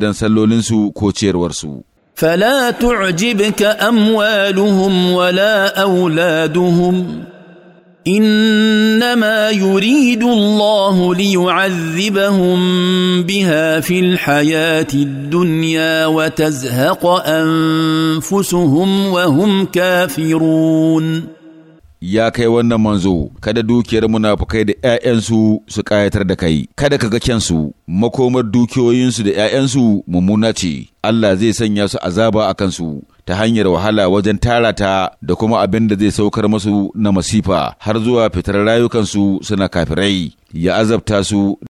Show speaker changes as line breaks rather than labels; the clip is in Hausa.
don sallolinsu ko ciyarwarsu.
فلا تعجبك اموالهم ولا اولادهم انما يريد الله ليعذبهم بها في الحياه الدنيا وتزهق انفسهم وهم كافرون
ya kai wannan manzo kada dukiyar munafukai da ‘ya'yansu su ƙayatar da kai kada ka ga kyansu makomar dukiyoyinsu da ‘ya'yansu mummuna ce Allah zai sanya su azaba a kansu ta hanyar wahala wajen tara ta da kuma abin da zai saukar masu na masifa har zuwa fitar rayukansu suna
kafirai ya azabta su